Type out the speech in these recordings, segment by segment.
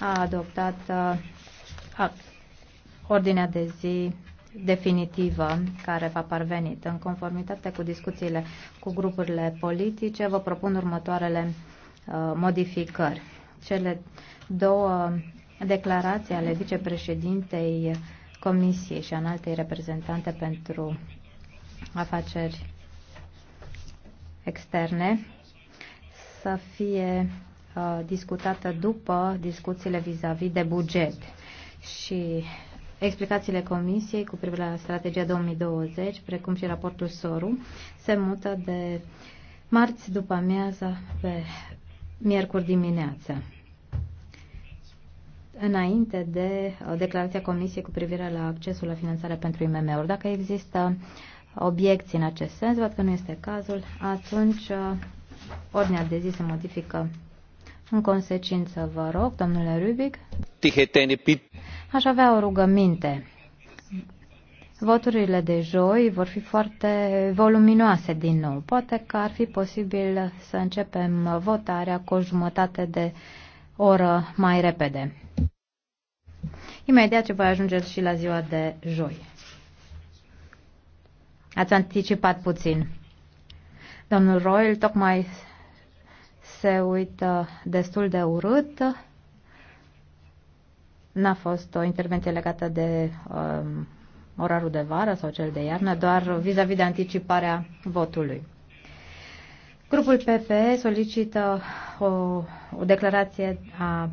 a adoptat uh, ordinea de zi definitivă care va parvenit. În conformitate cu discuțiile cu grupurile politice, vă propun următoarele uh, modificări. Cele două declarații ale vicepreședintei Comisiei și analtei reprezentante pentru afaceri externe să fie Uh, discutată după discuțiile vis-a-vis -vis de buget și explicațiile Comisiei cu privire la strategia 2020, precum și raportul SORU, se mută de marți după amiaza pe miercuri dimineață înainte de uh, declarația Comisiei cu privire la accesul la finanțare pentru IMM-uri. Dacă există obiecții în acest sens, văd că nu este cazul, atunci uh, ordinea de zi se modifică în consecință, vă rog, domnule Rubic, aș avea o rugăminte. Voturile de joi vor fi foarte voluminoase din nou. Poate că ar fi posibil să începem votarea cu o jumătate de oră mai repede. Imediat ce voi ajunge și la ziua de joi. Ați anticipat puțin. Domnul Royal tocmai se uită destul de urât. N-a fost o intervenție legată de um, orarul de vară sau cel de iarnă, doar vis-a-vis -vis de anticiparea votului. Grupul PPE solicită o, o declarație a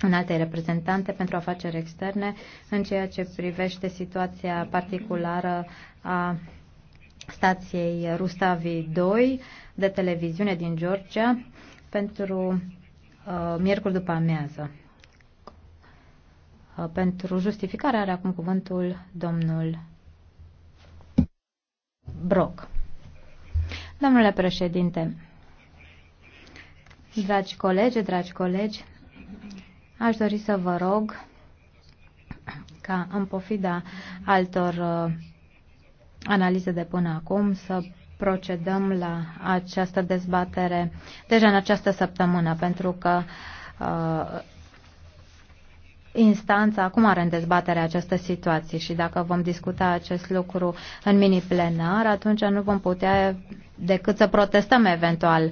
în alte reprezentante pentru afaceri externe în ceea ce privește situația particulară a stației Rustavi 2 de televiziune din Georgia pentru uh, miercuri după amiază. Uh, pentru justificare are acum cuvântul domnul Brock. Domnule președinte, dragi colegi, dragi colegi, aș dori să vă rog ca în pofida altor uh, analize de până acum, să procedăm la această dezbatere deja în această săptămână, pentru că uh, instanța acum are în dezbatere această situație și dacă vom discuta acest lucru în mini-plenar, atunci nu vom putea decât să protestăm eventual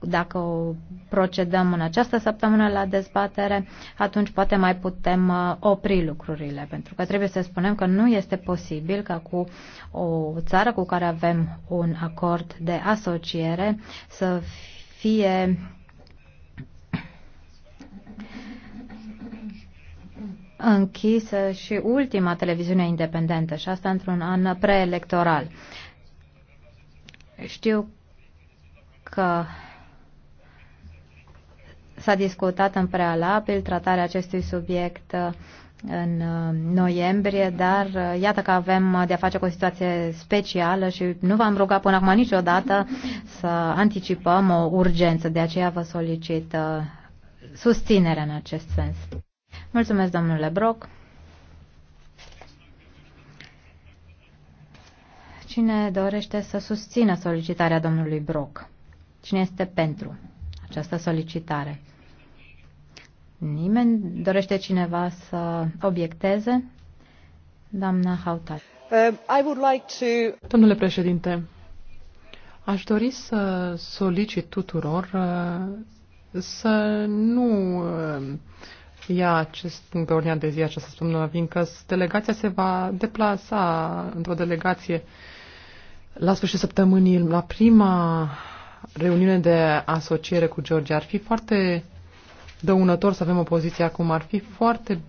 dacă o procedăm în această săptămână la dezbatere, atunci poate mai putem uh, opri lucrurile, pentru că trebuie să spunem că nu este posibil ca cu o țară cu care avem un acord de asociere să fie închisă și ultima televiziune independentă și asta într-un an preelectoral. Știu că s-a discutat în prealabil tratarea acestui subiect uh, în uh, noiembrie, dar uh, iată că avem de-a face cu o situație specială și nu v-am rugat până acum niciodată să anticipăm o urgență, de aceea vă solicit susținerea în acest sens. Mulțumesc, domnule Brock. Cine dorește să susțină solicitarea domnului Brock? Cine este pentru această solicitare? Nimeni? Dorește cineva să obiecteze? Doamna Hautal. Uh, like to... Domnule președinte, aș dori să solicit tuturor uh, să nu uh, ia acest punct pe ordinea de zi această săptămână, fiindcă delegația se va deplasa într-o delegație la sfârșitul săptămânii, la prima reuniune de asociere cu Georgia. Ar fi foarte dăunător să avem o poziție acum, ar fi foarte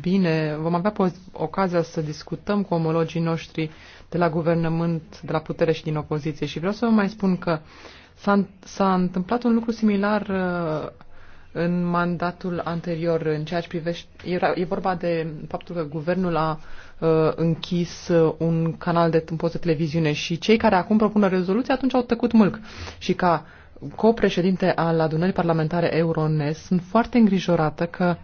bine, vom avea ocazia să discutăm cu omologii noștri de la guvernământ, de la putere și din opoziție. Și vreau să vă mai spun că s-a, întâmplat un lucru similar uh, în mandatul anterior în ceea ce privește... Era, e vorba de faptul că guvernul a uh, închis uh, un canal de un post de televiziune și cei care acum propun o rezoluție atunci au tăcut mâlc. Și ca copreședinte al adunării parlamentare Euronest sunt foarte îngrijorată că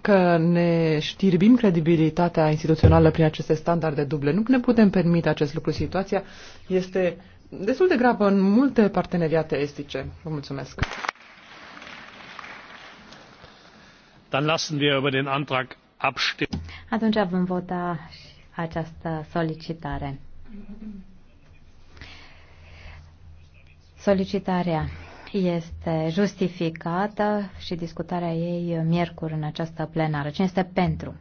că ne știrbim credibilitatea instituțională prin aceste standarde duble. Nu ne putem permite acest lucru. Situația este uh, destul de grabă în multe parteneriate estice. Vă mulțumesc. Dann lassen wir über den Antrag abstimmen. Atunci vom vota această solicitare. Solicitarea este justificată și discutarea ei miercuri în această plenară. Cine este pentru?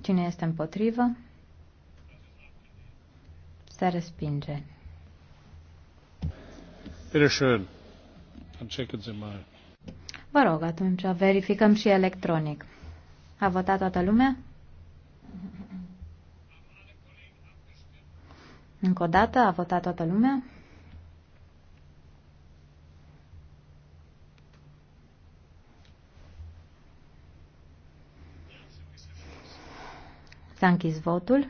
Cine este împotrivă? Se respinge. Bitte schön. Dann checken Sie mal. Vă rog, atunci verificăm și electronic. A votat toată lumea? Încă o dată, a votat toată lumea? S-a închis votul.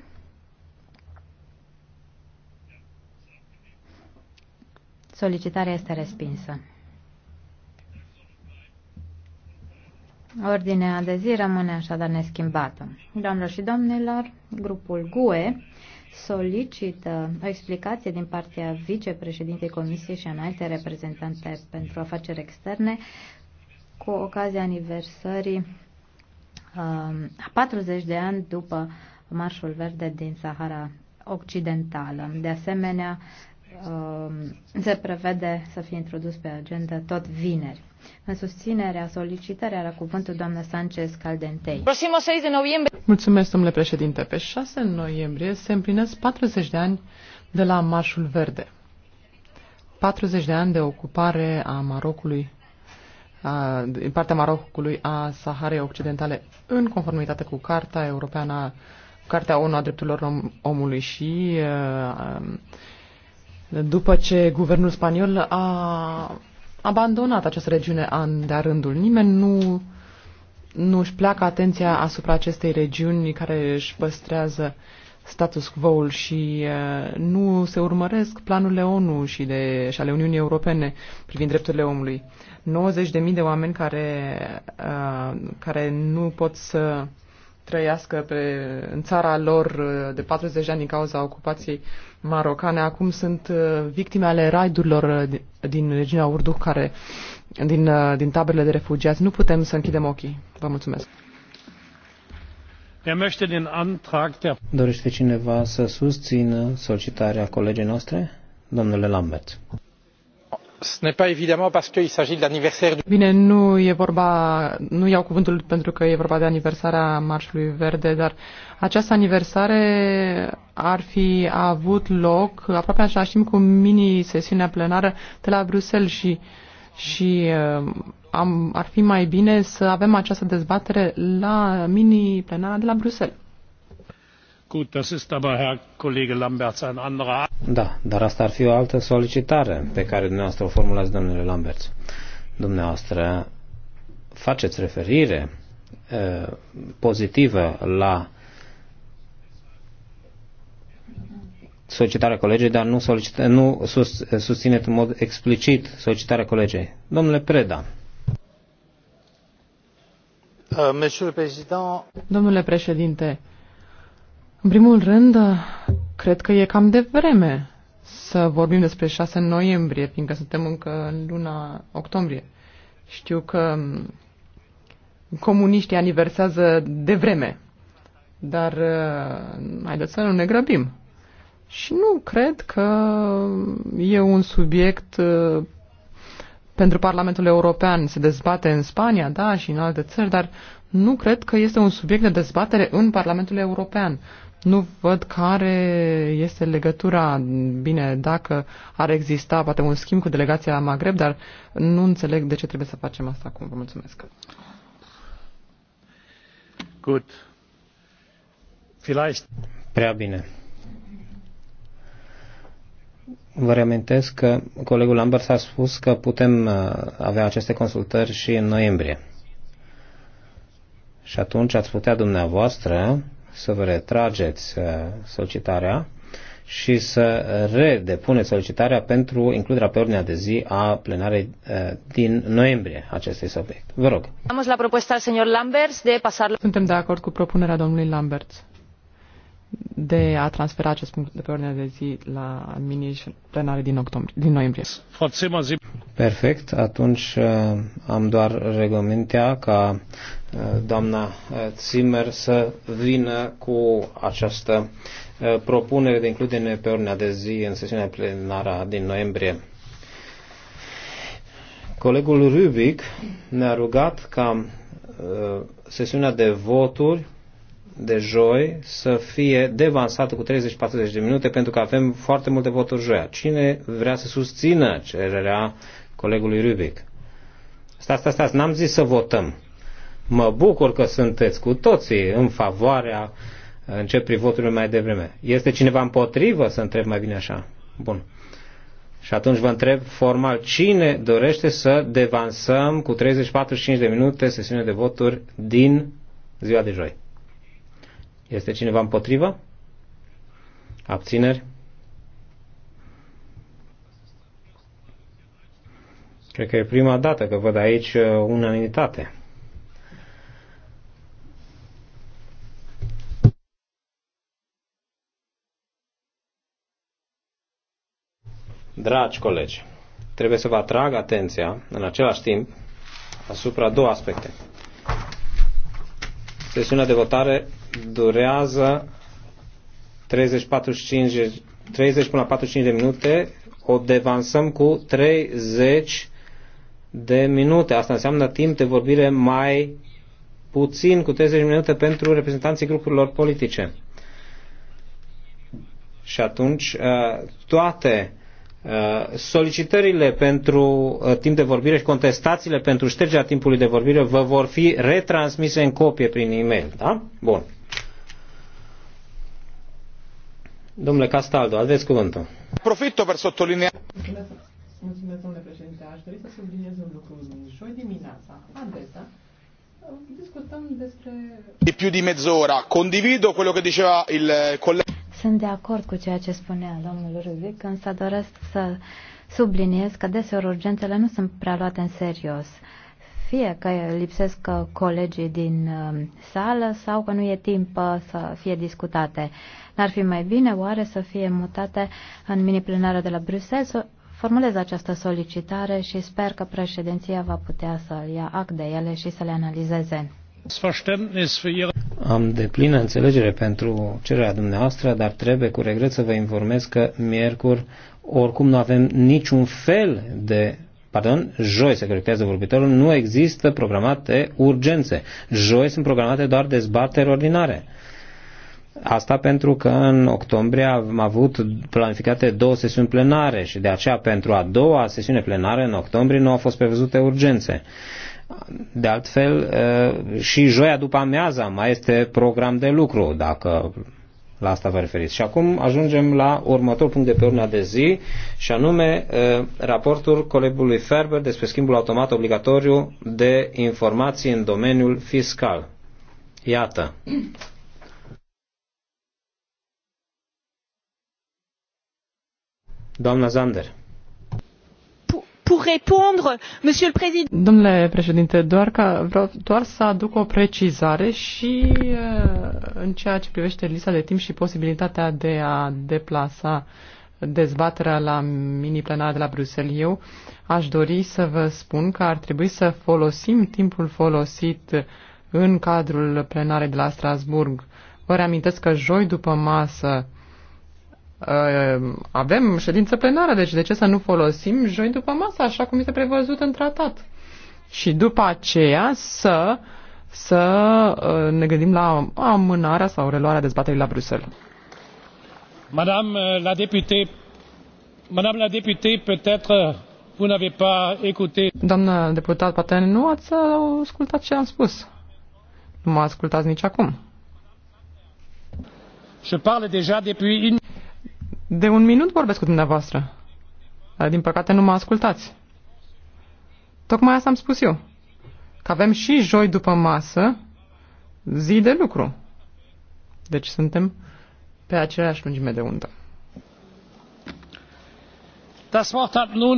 Solicitarea este respinsă. Ordinea de zi rămâne așadar neschimbată. Doamnelor și domnilor, grupul GUE solicită o explicație din partea vicepreședintei Comisiei și înalte reprezentante pentru afaceri externe cu ocazia aniversării um, a 40 de ani după Marșul Verde din Sahara Occidentală. De asemenea, Um, se prevede să fie introdus pe agenda tot vineri. În susținerea solicitării are cuvântul doamna Sanchez Caldentei. Mulțumesc, domnule președinte. Pe 6 noiembrie se împlinesc 40 de ani de la Marșul Verde. 40 de ani de ocupare a Marocului, a, din partea Marocului a Saharei Occidentale, în conformitate cu Carta Europeană, Cartea ONU a Drepturilor Omului și a, uh, după ce guvernul spaniol a abandonat această regiune an de-a rândul. Nimeni nu, nu își pleacă atenția asupra acestei regiuni care își păstrează status quo-ul și nu se urmăresc planurile ONU și, de, și ale Uniunii Europene privind drepturile omului. 90.000 de oameni care, care nu pot să trăiască pe, în țara lor uh, de 40 de ani din cauza ocupației marocane. Acum sunt uh, victime ale raidurilor uh, din, din regiunea Urduh, care, din, din taberele de refugiați. Nu putem să închidem ochii. Vă mulțumesc. Dorește cineva să susțină solicitarea colegii noastre? Domnule Lambert. Bine, nu e vorba, nu iau cuvântul pentru că e vorba de aniversarea Marșului Verde, dar această aniversare ar fi avut loc aproape în același timp cu mini-sesiunea plenară de la Bruxelles și, și uh, am, ar fi mai bine să avem această dezbatere la mini-plenara de la Bruxelles. Da, dar asta ar fi o altă solicitare pe care dumneavoastră o formulați, domnule Lamberts. Dumneavoastră faceți referire uh, pozitivă la solicitarea colegii, dar nu, solicita, nu sus, susțineți în mod explicit solicitarea colegii. Domnule Preda. Euh, domnule președinte, în primul rând, cred că e cam de vreme să vorbim despre 6 noiembrie, fiindcă suntem încă în luna octombrie. Știu că comuniștii aniversează de vreme, dar uh, haideți să nu ne grăbim. Și nu cred că e un subiect uh, pentru Parlamentul European. Se dezbate în Spania, da, și în alte țări, dar nu cred că este un subiect de dezbatere în Parlamentul European. Nu văd care este legătura, bine, dacă ar exista poate un schimb cu delegația Maghreb, dar nu înțeleg de ce trebuie să facem asta acum. Vă mulțumesc. Good. Vielleicht. Prea bine. Vă reamintesc că colegul Lambert a spus că putem uh, avea aceste consultări și în noiembrie. Și atunci ați putea dumneavoastră să vă retrageți uh, solicitarea și să redepuneți solicitarea pentru includerea pe ordinea de zi a plenarei uh, din noiembrie acestui subiect. Vă rog. Am la propuesta al señor Lamberts de pasar... Suntem de acord cu propunerea domnului Lamberts de a transfera acest punct de pe ordinea de zi la mini-plenare din, octombrie, din noiembrie. Perfect. Atunci uh, am doar rugămintea ca uh, doamna uh, Zimmer să vină cu această propunere de includere pe ordinea de zi în sesiunea plenară din noiembrie. Colegul Rubic ne-a rugat ca sesiunea de voturi de joi să fie devansată cu 30-40 de minute pentru că avem foarte multe voturi joia. Cine vrea să susțină cererea colegului Rubic? Stați, stați, stați, n-am zis să votăm. Mă bucur că sunteți cu toții în favoarea începrii voturilor mai devreme. Este cineva împotrivă să întreb mai bine așa? Bun. Și atunci vă întreb formal cine dorește să devansăm cu 30-45 de minute sesiunea de voturi din ziua de joi. Este cineva împotrivă? Abțineri? Cred că e prima dată că văd aici uh, unanimitate. Dragi colegi, trebuie să vă atrag atenția în același timp asupra două aspecte. Sesiunea de votare durează 30, 45, 30 până la 45 de minute, o devansăm cu 30 de minute. Asta înseamnă timp de vorbire mai puțin cu 30 de minute pentru reprezentanții grupurilor politice. Și atunci uh, toate uh, solicitările pentru uh, timp de vorbire și contestațiile pentru ștergerea timpului de vorbire vă vor fi retransmise în copie prin e-mail. Da? Bun. Domnule Castaldo, aveți cuvântul. Profito per sottolineare. Mulțumesc, domnule președinte. Aș dori să subliniez un lucru. Joi dimineața, adesea, discutăm despre... De più di mezz'ora. Condivido quello che diceva il collega. Sunt de acord cu ceea ce spunea domnul Ruzic, însă doresc să subliniez că deseori urgențele nu sunt prea luate în serios. Uh, fie că lipsesc colegii din um, sală sau că nu e timp uh, să fie discutate. N-ar fi mai bine oare să fie mutate în mini-plenară de la Bruxelles? Formulez această solicitare și sper că președinția va putea să ia act de ele și să le analizeze. Am de plină înțelegere pentru cererea dumneavoastră, dar trebuie cu regret să vă informez că miercuri oricum nu avem niciun fel de pardon, joi se corectează vorbitorul, nu există programate urgențe. Joi sunt programate doar dezbateri ordinare. Asta pentru că în octombrie am avut planificate două sesiuni plenare și de aceea pentru a doua sesiune plenară în octombrie nu au fost prevăzute urgențe. De altfel, eh, și joia după amiaza mai este program de lucru. Dacă la asta vă referiți. Și acum ajungem la următorul punct de pe urmea de zi, și anume uh, raportul colegului Ferber despre schimbul automat obligatoriu de informații în domeniul fiscal. Iată. Doamna Zander pour répondre, Monsieur le Président. Domnule președinte, doar, ca, vreau doar să aduc o precizare și uh, în ceea ce privește lista de timp și posibilitatea de a deplasa dezbaterea la mini-plenar de la Bruxelles. Eu aș dori să vă spun că ar trebui să folosim timpul folosit în cadrul plenarei de la Strasburg. Vă reamintesc că joi după masă Ehm, avem ședință plenară, deci de ce să nu folosim joi după masă, așa cum este prevăzut în tratat. Și după aceea să, să eh, ne gândim la amânarea sau reluarea dezbaterii la Bruxelles. Madame eh, la députée, Madame la députée, peut-être vous n'avez pas écouté. Doamnă deputat, poate nu ați ascultat ce am spus. Nu mă ascultați nici acum. Je parle déjà depuis une de un minut vorbesc cu dumneavoastră, dar din păcate nu mă ascultați. Tocmai asta am spus eu, că avem și joi după masă zi de lucru. Deci suntem pe aceeași lungime de undă. Das Wort hat nun